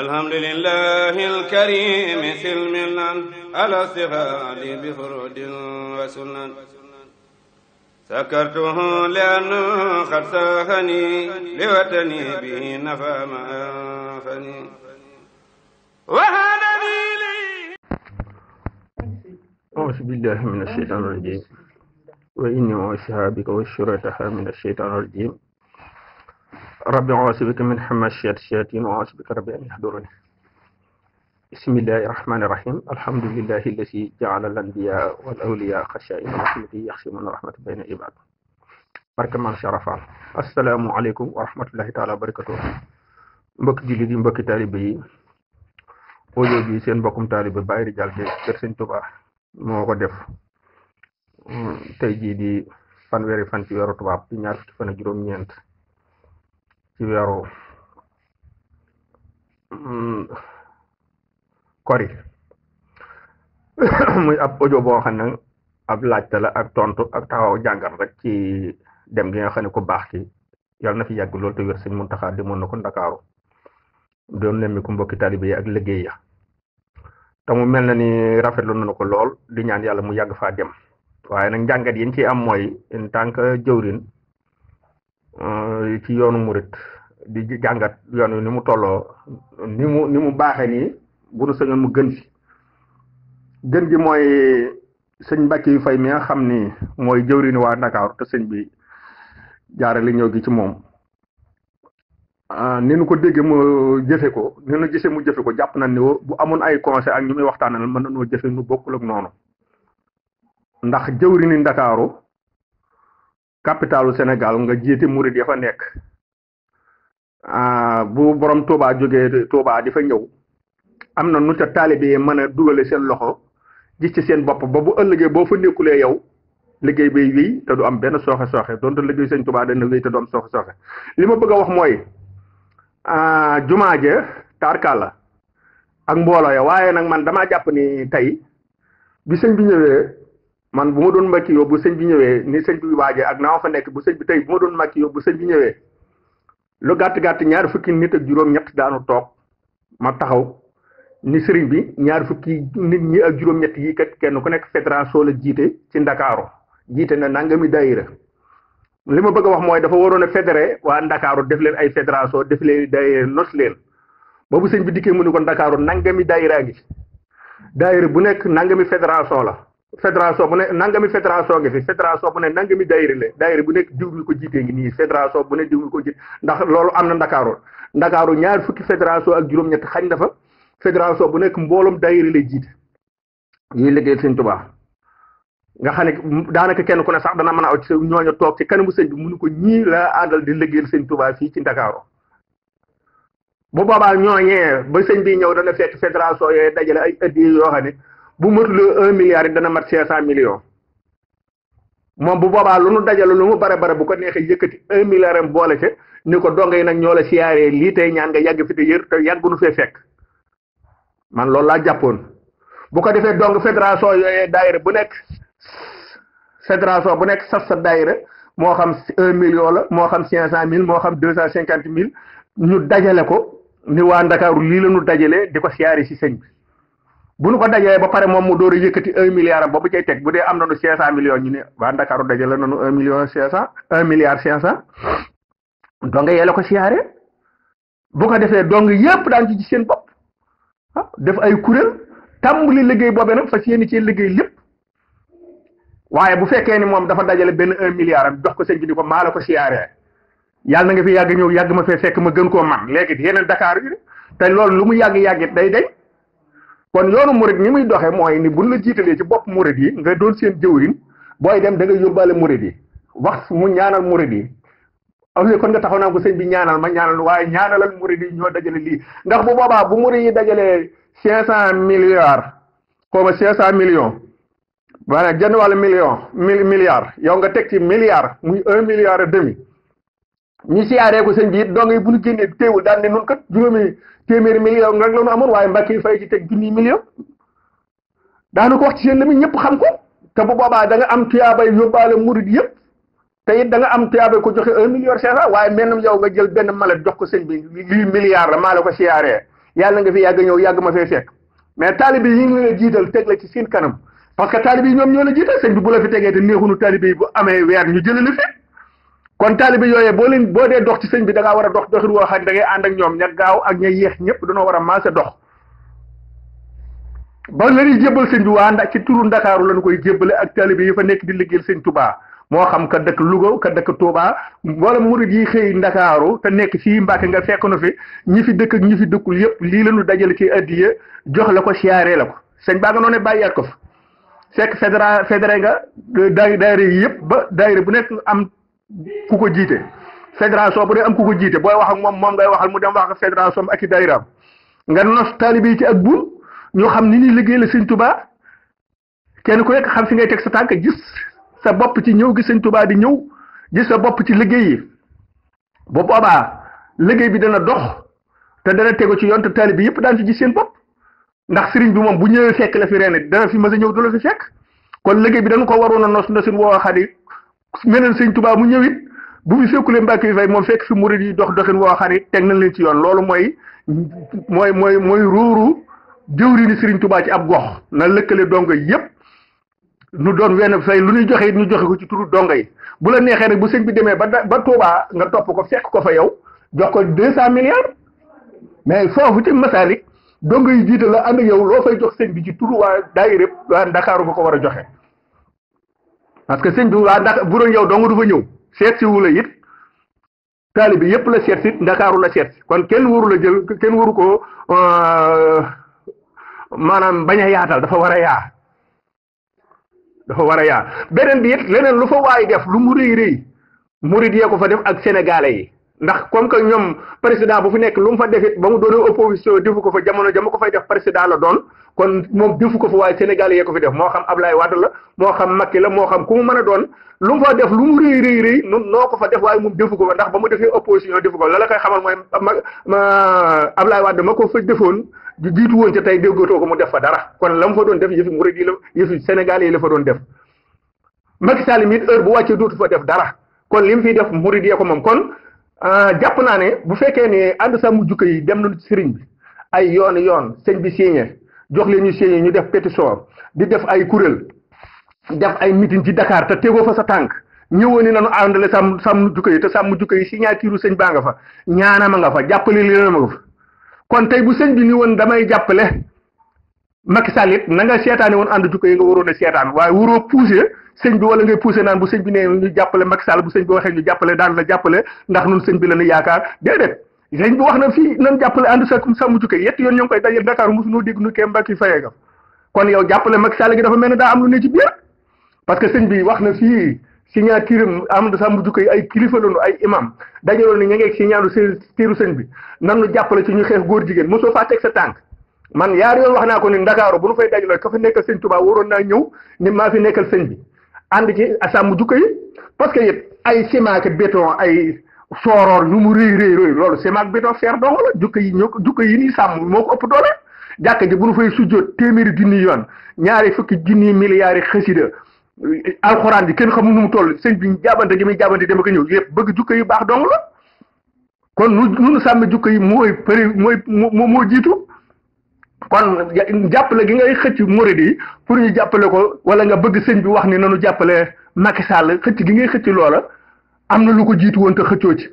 alhamdulillahi alkarimi silmilan ala sihadi bi furudin wa sunan sakartuhu liannu qad sahani liwatani bihi nafa ma anfani wahadani li أعوذ بالله من الشيطان الرجيم وإني وأصحابك والشرطة من الشيطان الرجيم rabbi aasibika min hammashaati shayaatiin wa aasibika rabbi an yahduruni bismillahi rahmani rahim alhamdulillahi alladi jaala al anbiya wal awliya xashaa'ina rahmati yaxshimuna rahmatu bayna ibaad barke maam Sharafal asalaamu aleykum wa rahmatullahi taala wa barakatuh mbokki jullit yi mbokki taalibe yi audio bi seen mbokkum taalibe Baye Ridial bi kër Sëñ Tuubaa moo ko def mm, tey jii di fanweeri fan ci weeru tubaab di ñaar fukki fan ak juróom-ñeent ci weeru mm, kori muy ab audio boo xam ne ab laajte la ak tontu ak taxaw jàngat rek ci dem gi nga xam ne ku baax ki yàlla na fi yàgg loolu te wér sëñ Muntaxa demoon na ko Ndakaaru doom nemmi ku mbokki taalibe ak liggéey ya te mu mel na ni rafetlu nañu ko lool di ñaan yàlla mu yàgg faa dem waaye nag njàngat yi ñu ciy am mooy en tant jëwrin Euh, ci yoonu murit di jàngat yoon wi ni mu tolloo ni mu ni baaxee nii bu nu sañoon mu gën ci gën gi mooy sëñ Mbàkke yu fay mi nga xam ni mooy jëwriñu waa Ndakaaru te sëñ bi jaarale ñëw gi ci moom euh, ni nu ko déggee mu jëfe ko ni nu gisee mu jëfe ko jàpp nañ ni bu amoon ay conseil ak ñu muy waxtaanal mën na noo jëfe nu bokkul ak noonu ndax jëwriñu Ndakaaru capitalu Sénégal nga jiite murit ya fa nekk ah, bu borom Touba jógee Touba di fa ñëw am na nu ca taalibe yi mën a dugalee seen loxo gis ci seen bopp ba bu ëllëgee boo fa nekkulee yow liggéey bay wéy te du am benn sooxe sooxe donte liggéey sëñ Touba denn wéy te du am sooxe sooxe li ma bëgg a wax mooy ah, jumaa ja taarkaal la ak mbooloo waaye nag man damaa jàpp ni tey bi sëñ bi ñëwee. man bu ma doon makki yow bu sëñ bi ñëwee ni sëñ bi waajee ak naa fa nekk bu sëñ bi tey bu ma doon makki yow bu sëñ bi ñëwee lu gàtt gàtt ñaar fukki nit ak juróom-ñett daanu toog ma taxaw ni sëriñ bi ñaar fukki nit ñi ak juróom-ñett yi kat kenn ku nekk fédération la jiite ci ndakaaru jiite na nangami daayira li ma bëgg a wax mooy dafa waroon a fédéré waa ndakaaru def leen ay fédération def leen daayira nos leen boobu sëñ bi dikkee mu ne ko ndakaaru nangami daayira gi daayira bu nekk nangami fédération la. fédération bu ne nangami fédération ngi fi fédération bu ne nangami daayira la daayira bu nekk diw mi ko jiitee ngi nii fédération bu ne diw ko jiite ndax loolu am na ndakaaru ndakaaru ñaar fukki fédération ak juróom-ñett xañ na fa fédération bu nekk mboolum daayira lay jiite yuy liggéey sëñ Tuubaa nga xam ne daanaka kenn ku ne sax dana mën a aw ci ñooñu toog ci kanamu sëñ bi mënu ko ñii la àndal di liggéeyal sëñ Tuubaa fii ci ndakaaru bu boobaa ñooñee ba sëñ bi ñëw dana fekk fédération yooyu dajale ay yoo xam ne bu matulee un milliard yi dana mat cinq cent millions moom bu boobaa lu nu dajale lu mu bare bare bu ko neexee yëkkati un milliard am boole ca ni ko donge yi nag ñoo la siyaaree lii tey ñaan nga yàgg fi te yër te yàggu nu fee fekk man loolu laa jàppoon bu ko defee donc fédération yooyee daayira bu nekk fédération bu nekk sas sa daayira moo xam un million la moo xam cinq cent mille moo xam deux cent cinquante mille ñu dajale ko ni waa Ndakaaru lii la ñu dajalee di ko siyaaree si sëñ bi. bu nu ko dajee ba pare moom mu door a yëkkati un milliard am ba bu cay teg bu dee am nañu cinq cent millions ñu ne waa Ndakaaru dajale nañu un million cinq un milliard cinq cent dong la ko siyaare bu ko defee dong yëpp daan ci seen bopp ah, def ay kuréel tàmbali liggéey boobee nag fas yéene ci liggéey lépp waaye bu fekkee ni moom dafa dajale benn un milliard am jox ko sëñ bi ni ko maa la ko siyaaree yàlla na nga fi yàgg ñëw yàgg ma fee fekk ma gën koo man léegi yeneen Dakar yi lu mu yàgg yàggit day day kon yoonu murid ni muy doxee mooy ni buñ la jiitalee ci bopp murid yi nga doon seen jëwriñ booy dem da nga yóbbaale murid yi wax mu ñaanal murid yi awle ah kon nga taxaw naa ko sëñ bi ñaanal ma ñaanal waaye ñaanalal murid yi ñoo dajale lii ndax bu boobaa bu murid yi dajalee cinq cent milliards xawma cinq cent million maanaam jënd wàllu million mil milliards yow nga teg ci milliards muy un milliard et demi ñu siyaaree ko sëñ bi it dong yi bu ñu génnee téewul daan ne nun kat juróomi téeméeri million rek la ñu amoon waaye Mbàkke fay ci teg junniy million daana ko wax ci seen lami ñëpp xam ko te bu boobaa da nga am tuyaabay yóbbaale murid yëpp te it da nga am ko joxe un million cinq cent waaye mel yow nga jël benn malet jox ko sëñ bi lii milliard la maa ko siyaaree yàlla nga fi yàgg ñëw yàgg ma fee fekk mais taalibi yi ngi jiital teg la ci seen kanam parce que taalibi yi ñoom ñoo la jiital sëñ bi bu la fi tegee te néexunu taalibi yi bu amee weer ñu jëlee fi kon taalibe yooyee boo leen boo dee dox ci sëñ bi da ngaa war a dox doxin woo xam ne ànd ak ñoom ña gaaw ak ña yéex ñëpp danoo war a maase dox ba la jébbal sëñ bi waa ndax ci turu ndakaaru lañu koy jébbale ak taalibe yi fa nekk di liggéeyal sëñ Touba moo xam ka dëkk Louga ka dëkk Touba wala murid yi xëy ndakaaru te nekk fii Mbàkke nga fekk na fi ñi fi dëkk ak ñi fi dëkkul yëpp lii lañu dajale ci addiya jox la ko siyaaree la ko sëñ baa nga noonee bàyyiwaat ko fi fekk fédéré fédéré nga daayira yi yëpp ba daayira bu nekk am ku ko jiite fédération bu dee am ku ko jiite booy wax ak moom moom ngay waxal mu dem wax ak fédération ak i dayiraam nga nos taalibe yi ci ak buum ñu xam ni ñuy liggéey la sëñ tubaa kenn ku nekk xam fi ngay teg sa tànk gis sa bopp ci ñëw gi sëñ tubaa di ñëw gis sa bopp ci liggéey yi ba boobaa liggéey bi dana dox te dana tegu ci yoon te taalibe yëpp daan fi gis seen bopp ndax sëriñ bi moom bu ñëwee fekk la fi ren dana fi mës a ñëw du la fi fekk kon liggéey bi danga ko waroon a nos nosin meneen sëñ tubaa mu ñëw it bu mu fekkulee mbàkk yi fay moom fekk fi murid yi dox doxin woo xam ne teg nañ leen ci yoon loolu mooy mooy mooy mooy ruuru jëwriñu sëriñ tubaa ci ab gox na lëkkale dongo yépp nu doon wenn fay lu ñuy joxe it ñu joxe ko ci turu dongo yi bu la neexee nag bu sëñ bi demee ba ba Tuubaa nga topp ko fekk ko fa yow jox ko deux cent milliards mais foofu ci Masalik dongo yi jiite la ànd ak yow loo fay jox sëñ bi ci turu waa daayira Ndakaaru nga ko war a joxe parce que sëñ bi waa ndax bu doon yow dong du fa ñëw seet si wu la it taalibe yëpp la seet si ndakaaru la seet kon kenn warul a jël kenn waru ko euh, maanaam bañ a yaatal dafa war a yaa dafa war a yaa beneen bi it leneen lu fa waay def lu mu rëy rëy murit fa def ak sénégalais yi. ndax comme que ñoom président bu fi nekk lu mu fa defit ba mu doon opposition defu ko fa jamono jama ko fay def président la doon kon moom defu ko fa waaye Sénégal yee ko fi def moo xam Ablaye Wade la moo xam Macky la moo xam ku mu mën a doon lu def lu mu rëy rëy ko fa def waaye moom defu ko fa ndax ba mu defee opposition defu ko la la koy xamal mooy ma Ablaye Wade ma ko fa defoon jiitu woon ca tey déggatoo ko mu def fa dara kon la mu fa doon def yëfi murid yi la yëfi Sénégal yi la fa doon def Macky mi heure bu wàccee dootu fa def dara kon li mu fiy def murid yee ko moom kon Euh, jàpp naa ne bu fekkee ne ànd sàmm jukka yi dem nañu ci sëriñ bi ay yoon yoon sëñ bi signé jox leen ñu signé ñu def pétition di def ay kuréel def ay meeting ci dakaar te tegoo fa sa tànk ñëwoon na nañu àndale sàmm sàmm jukka yi te sàmm jukka yi signature sëñ baa nga fa ñaanama nga fa jàppale leen ma nga fa kon tey bu sëñ bi ni woon damay jàppale Macky Sall it na nga seetaane woon ànd jukka yi nga waroon a seetaan waaye waroo poussé sëñ bi wala ngay poussé naan bu sëñ bi nee ñu jàppale Macky Sall bu sëñ bi waxee ñu jàppale daan la jàppale ndax nun sëñ bi la ñu yaakaar déedéet sëñ bi yoon ño koy daje Dakar mosu noo dégg nu kee Mbacke Faye dafa mel daa am parce que sëñ bi wax na fii signature am da sàmm jukke yi ay kilifa lañu ay imam dajaloon ni ñu ngeeg signalu tiiru sëñ bi nan nu jàppale ci ñu xeex góor jigéen mosoo faa teg sa tànk man yaar yoon wax naa ko ni Ndakaaru bu nu fay dajaloo ka fa nekkal sëñ Tuubaa waroon naa ñëw ni maa fi nekkal señ bi ànd ci sàmm jukko yi parce que ay ciment ak béton ay sooroor ñu mu rëy rëy rëy loolu ciment ak béton fer dong la jukko yi ñoo ko jukko yi nii sàmm moo ko ëpp doole jàkka ji bu ñu fay sujjoot téeméeri junni yoon ñaari fukki junni milliards xasida alxuraan bi kenn xamul nu mu toll sëñ bi jàbbante gi muy jàbbante dem ak ñëw yëpp bëgg jukko yi baax dong la kon nu nu sàmm jukko yi mooy përi mooy moo jiitu kon jàppale gi ngay xëcc murid yi pour ñu jàppale ko wala nga bëgg sëñ bi wax ni nanu jàppale Macky Sall xëcc gi ngay xëcc loola am na lu ko jiitu woon te xëccoo ci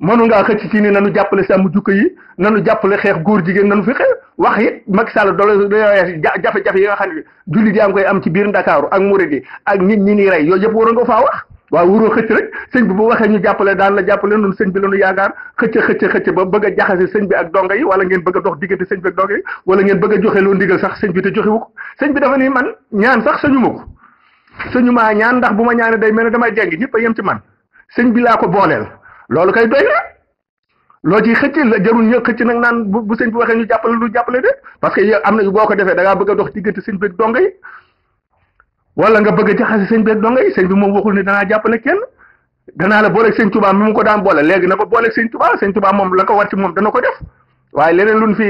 mënu ngaa xëcc ci ni nanu jàppale sàmm jukka yi nanu jàppale xeex góor jigéen nanu fi xeex wax it Macky Sall doole jafe-jafe yi nga xam ne jullit yaa ngi koy am ci biir Ndakaaru ak murid yi ak nit ñi ni rey yooyu yëpp a nga faa wax waaw wuroo xëcc rek sëñ bi bu waxee ñu jàppale daan la jàppale noonu sëñ bi la ñu yaakaar xëcc xëcc ba bëgg a jaxase sëñ bi ak donga yi wala ngeen a dox diggante sëñ bi ak donga yi wala ngeen bëgg a joxe loo ndigal sax sëñ bi te joxewu ko sëñ bi ma ñaan ndax bu ma ñaane day mel ne damay jeng ñëpp a ci man sëñ bi laa ko booleel loolu kay doy na loo ci xëcc la jarul ñë xëcc nag naan bu sëñ bi waxee ñu jàppale lu jàppale parce que am na ko defee da ngaa bëgg a dox diggante sëñ bi ak donga yi wala nga bëgg a jaxase sëñ beeg donga yi sëñ bi moom waxul ne danaa jàppale kenn danaa la booleeg sëñ Tuubaa mu ko daan boole léegi na ko booleeg sëñ Tuubaa sëñ Tuubaa moom la ko war ci moom dana ko def waaye leneen luñ fi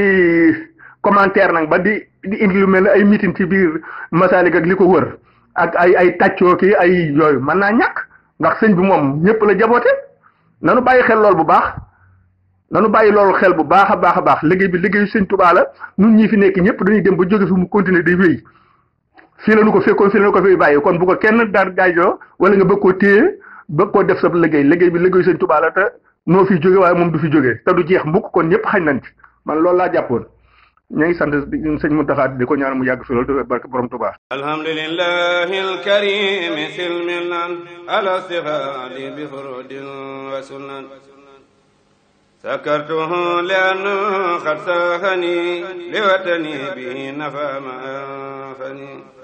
commentaire nag ba di di indi lu mel ne ay meeting ci biir Masaalik ak li ko wër ak ay ay tàccoo ki ay yooyu mën naa ñàkk ndax sëñ bi moom ñëpp la jaboote nanu bàyyi xel lool bu baax nanu bàyyi loolu xel bu baax a baax a baax bi liggéeyu sëñ la ñun ñi fi nekk ñëpp dañuy dem ba jóge fi mu continuer di wéy fii ko fekkoon fii la ko fi bàyyi kon bu ko kenn daar gaajoo wala nga bëgg koo téye bëgg koo def sa liggéey liggéey bi liggéey sëñ Tuubaa noo fi jóge waaye moom du fi jógee te du jeex mukk kon ñëpp xañ nañ ci man loolu laa jàppoon ñu ngi sant sëñ Muntaxa di ko ñaan mu yàgg fi loolu te barke borom Tuubaa alhamdulillahi alkarim silmilan ala stifadi bi furudin wa sunan سكرته لأن قد ساهني لوتني به نفى ما أنفني